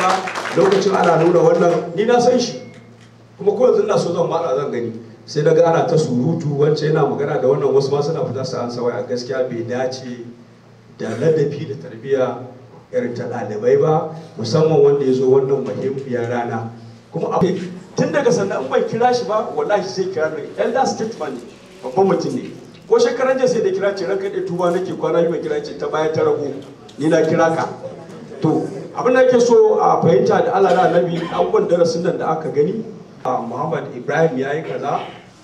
haka lokacin ana nuna wannan ni na san shi kuma ko yanzu ina so zan mara zan gani sai daga ana ta surutu wacce yana magana da wannan wasu ma suna fita su an wai a gaskiya bai dace da ladabi da tarbiyya irin ta ɗalibai ba musamman wanda ya zo wannan muhimmiyar rana kuma tun daga sannan in bai kira shi ba wallahi sai kira ne elder statement ne babban mutum ne ko shekaran jiya sai da kira ce ranka da tuba nake kwana yi mai kira ce ta baya ta rago ni na kira ka to abin da ake so a fahimta da Allah da annabi abubuwan darasin nan da aka gani A Muhammad Ibrahim ya yi kaza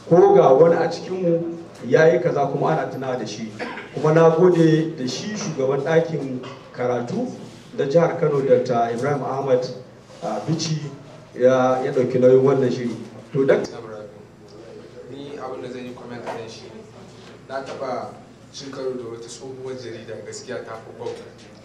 ko ga wani a cikinmu ya yi kaza kuma ana tuna da shi kuma na gode da shi shugaban ɗakin karatu da jihar Kano ta Ibrahim Ahmad Bichi ya ɗauki nauyin wannan shiri. To da ni abin da zan yi comment a shi na taɓa cin karo da wata tsohuwar jarida gaskiya ta fi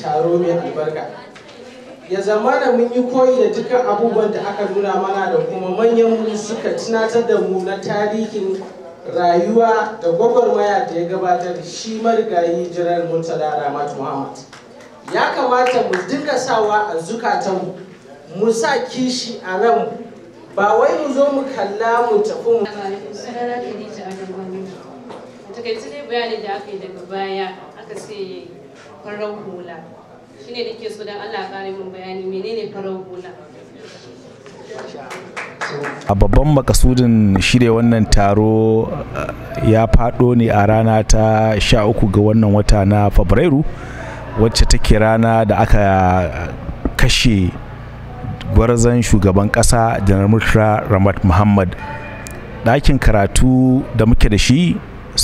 taro mai albarka ya zama da mun yi koyi da dukkan abubuwan da aka nuna mana da kuma manyan suka tunatar da mu na tarihin rayuwa da gwagwarmaya da ya gabatar shi marigayi jiran murtala ramat muhammad ya kamata mu dinga sawa a zukatanmu mu sa kishi a nan ba wai mu zo mu kalla mu tafi mu takaitu ne bayanin da aka yi daga baya aka sai farar hula shine ke so don Allah kare mun bayani menene farar hula a babban makasudin shirya wannan taro eh, ya fado ne a rana ta 13 ga wannan wata na fabrairu wacce take rana da aka kashe gwarzan shugaban kasa janar murtala ramat muhammad ɗakin karatu da muke da shi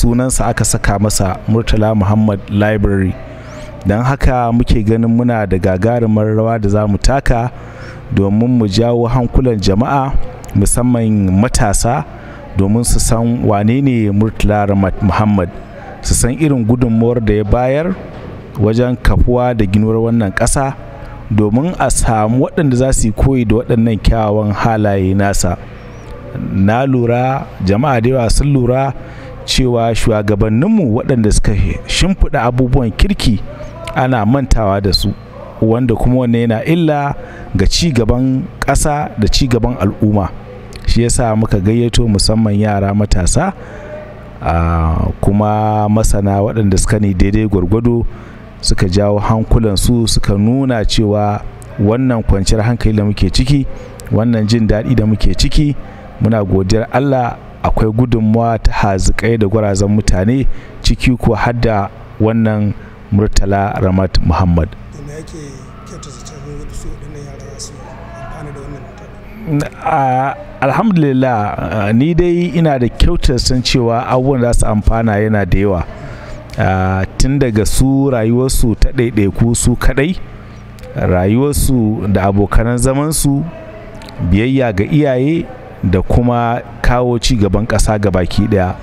sunansa aka saka masa murtala muhammad library don haka muke ganin muna da gagarumar rawa da za mu taka domin mu jawo hankulan jama'a musamman matasa domin su san wane ne murtala muhammad su san irin gudunmuwar da ya bayar wajen kafuwa da ginuwar wannan ƙasa domin a samu waɗanda za su yi koyi da waɗannan kyawawan halaye nasa na lura jama'a da yawa sun lura cewa shugabanninmu waɗanda suka shimfiɗa abubuwan kirki ana mantawa da su wanda kuma wannan yana illa ga ci gaban ƙasa da ci gaban al'umma shi yasa muka gayyato musamman yara matasa kuma masana waɗanda suka ne daidai gwargwado suka jawo hankulansu suka nuna cewa wannan kwanciyar hankali da muke ciki wannan jin daɗi da muke ciki muna godiyar allah akwai gudunmawa ta hazikai da gwarazan mutane ciki ko hadda wannan murtala ramat muhammad alhamdulillah ni dai ina da kyautar san cewa abubuwan za su amfana yana da yawa tun daga su rayuwarsu ta ɗaiɗaiku su kaɗai rayuwarsu da abokan zamansu biyayya ga iyaye da kuma kawo ci gaban ƙasa ga baki ɗaya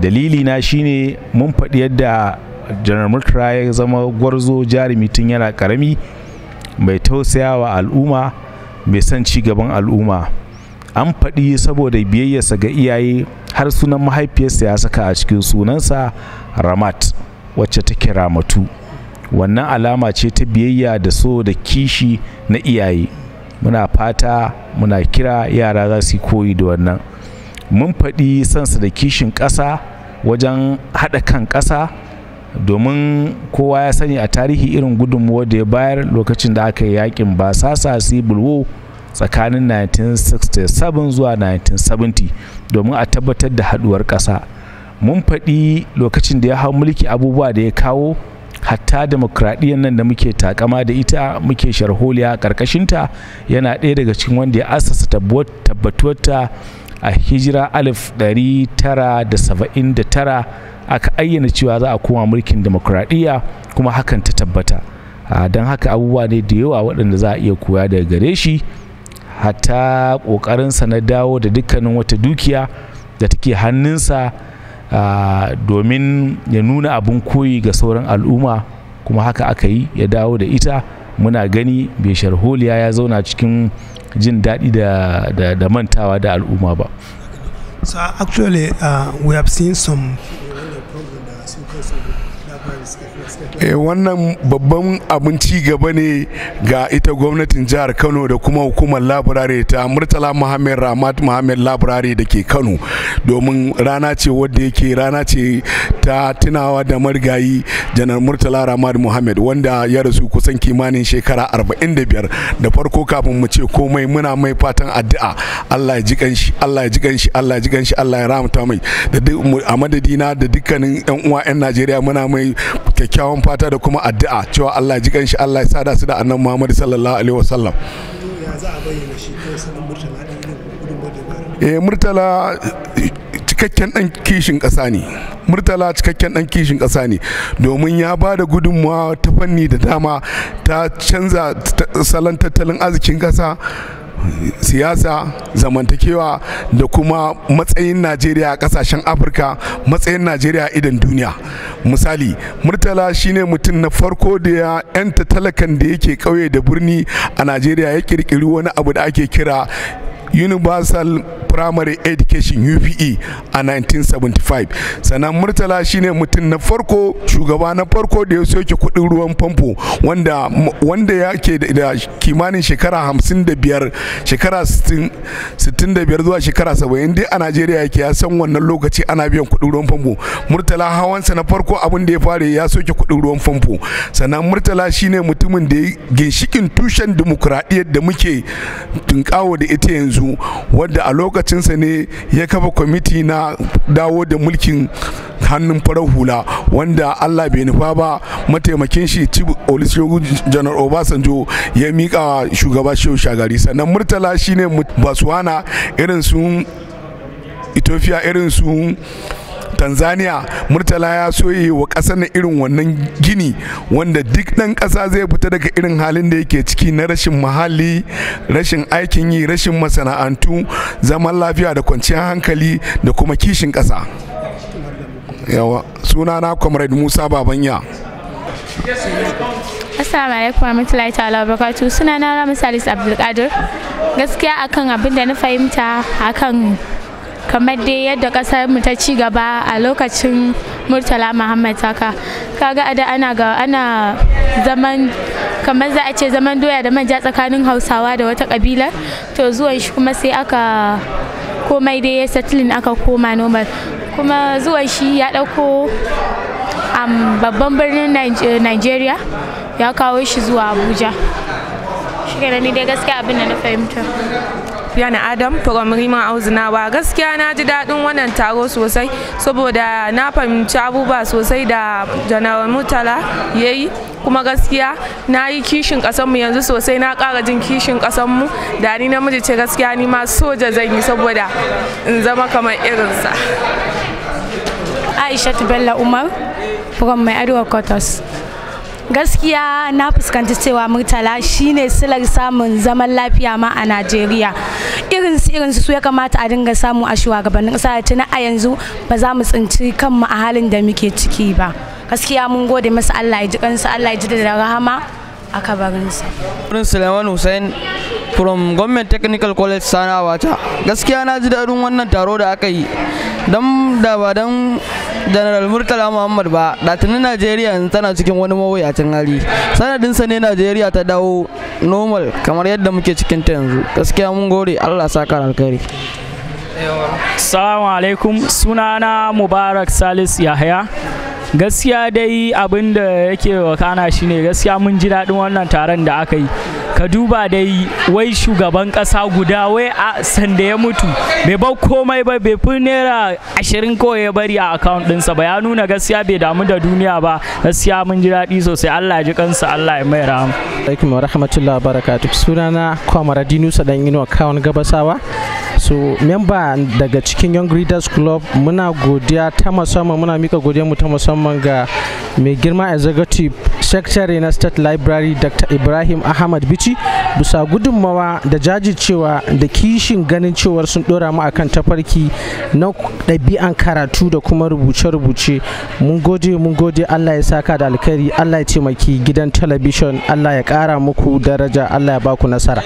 dalili na shine mun faɗi yadda janar murtala ya zama gwarzo jarumi tun yana karami mai wa al'umma mai son ci gaban al'umma an faɗi saboda biyayyarsa ga iyaye har sunan mahaifiyarsa ya saka a cikin sunansa ramat wacce ta kira matu wannan alama ce ta biyayya da so da kishi na iyaye muna fata muna kira yara za su koyi da wannan mun faɗi sansa da kishin ƙasa wajen haɗa kan ƙasa domin kowa ya sani a tarihi irin gudunmuwa da ya bayar lokacin da aka yi yakin basasa civil war tsakanin 1967 zuwa 1970 domin a tabbatar da haduwar kasa mun faɗi lokacin da ya hau mulki abubuwa da ya kawo hatta demokradiyyar nan da muke takama da ita muke sharholiya karkashinta yana ɗaya daga cikin wanda ya asasa tabbatuwarta a hijira 1979 aka ayyana cewa za a koma mulkin demokuraɗiyya kuma hakan ta tabbata don haka abubuwa ne da yawa waɗanda za a iya koya daga gare shi hatta ƙoƙarinsa na dawo da dukkanin wata dukiya da take hannunsa domin ya nuna abin koyi ga sauran al'umma kuma haka aka yi ya dawo da ita muna gani bai sharholiya ya zauna cikin jin daɗi da, mantawa da al'umma ba so actually uh, we have seen some eh wannan babban abin ci gaba ne ga ita gwamnatin jihar kano da kuma hukumar laburare ta murtala muhammad ramat muhammad laburare da ke kano domin rana ce wadda yake rana ce ta tunawa da marigayi janar murtala ramat muhammad wanda ya rasu kusan kimanin shekara 45 da farko kafin mu ce komai muna mai fatan addu'a allah ya ji kanshi allah ya ji kanshi allah ya ji kanshi allah ya ramata mai da a madadina da dukkanin yan uwa yan najeriya muna mai kyakkyawan fata da kuma addu'a cewa allah ji kanshi allah ya sada su da annan Muhammad sallallahu alaihi wasallam eh murtala cikakken dan kishin kasa ne murtala cikakken dan kishin kasa ne domin ya ba da gudunmawa ta fanni da dama ta canza salon tattalin arzikin kasa siyasa zamantakewa da kuma matsayin najeriya a kasashen afirka matsayin najeriya idan duniya misali murtala shine mutum na farko da ya yanta talakan da yake kauye da birni a najeriya ya kirkiri wani abu da ake kira universal primary education upe a 1975 sannan murtala shine mutum na farko shugaba na farko da ya soke kudin ruwan famfo wanda wanda ya ke da kimanin shekara 55 shekara 65 zuwa shekara 70 dai a najeriya yake ya san wannan lokaci ana biyan kudin ruwan famfo murtala hawansa na farko abin da ya fara ya soke kudin ruwan famfo sannan murtala shine mutum mutumin da ya ginshikin tushen demokuraɗiyyar da muke tunkawo da ita yanzu wadda a lokacinsa ne ya kafa kwamiti na dawo da mulkin hannun farar hula wanda allah bai nufa ba mataimakin shi chief olusegun janar obasanjo ya miƙa shugaba shehu shagari sannan murtala shine basuwana irin su ethiopia irin su tanzania murtala ya so wa kasar na irin wannan gini wanda duk ɗan ƙasa zai fita daga irin halin da yake ciki na rashin muhalli rashin aikin yi rashin masana'antu zaman lafiya da kwanciyar hankali da kuma kishin ƙasa yawa sunana comrade musa babanya Assalamu alaikum warahmatullahi ta'ala wabarakatuh sunana Ramis Salis Abdulkadir gaskiya akan abin da na fahimta akan kamar dai yadda kasar mu ta ci gaba a lokacin murtala muhammad saka kaga ada ana ga ana zaman kamar za a ce zaman doya da manja tsakanin hausawa da wata kabila to zuwan shi kuma sai aka komai dai ya settling aka koma normal kuma zuwan shi ya dauko babban birnin nigeria ya kawo shi zuwa abuja shi ne dai gaskiya abin da na fahimta yana Adam from Rima Auzunawa gaskiya na ji daɗin wannan taro sosai saboda na fahimci abubuwa sosai da Janar mutala ya yi kuma gaskiya na yi kishin mu yanzu sosai na ƙara jin kishin mu da ni namiji ce gaskiya ni ma soja zan yi saboda in zama kamar irinsa. Aisha Bello Umar from my Adwa Quarters. gaskiya na fuskanci cewa murtala shine silar samun zaman lafiya ma a najeriya irin su irin su ya kamata a dinga samu a shugabannin ƙasa na a yanzu ba za mu tsinci kanmu a halin da muke ciki ba gaskiya mun gode masa allah ya ji kansa allah ya ji da rahama a kabarinsa. Wurin Suleiman Hussein from Government Technical College Sanawata. Gaskiya na ji daɗin wannan taro da aka yi. Dan da ba dan general murtala muhammad ba da tuni najeriya tana cikin wani mawuyacin hali sanadinsa ne najeriya ta dawo normal kamar yadda muke cikin ta yanzu gaskiya mun gode allah saka alkhairi salamu alaikum sunana mubarak salis yahya gaskiya dai abinda yake wakana shine gaskiya mun ji daɗin wannan taron da aka yi ka duba dai wai shugaban kasa guda wai a sanda ya mutu bai bar komai ba bai fi naira ashirin kawai ya bari a account ɗinsa ba ya nuna gaskiya bai damu da duniya ba gaskiya mun ji daɗi sosai Allah ji kansa Allah ya mai rahama alaikum wa rahmatullahi wa barakatuh sunana kwamara dinusa dan inuwa kawon gabasawa so memba daga cikin young readers club muna godiya ta musamman muna mika godiya mu ta musamman ga mai girma executive secretary na state library dr ibrahim ahmad bichi bisa gudunmawa da jajircewa da kishin ganin cewar sun dora mu akan tafarki na ɗabi'an karatu da kuma rubuce-rubuce mun gode mun gode allah ya saka da alkhairi allah ya taimaki gidan talabishin allah ya kara muku daraja allah ya baku nasara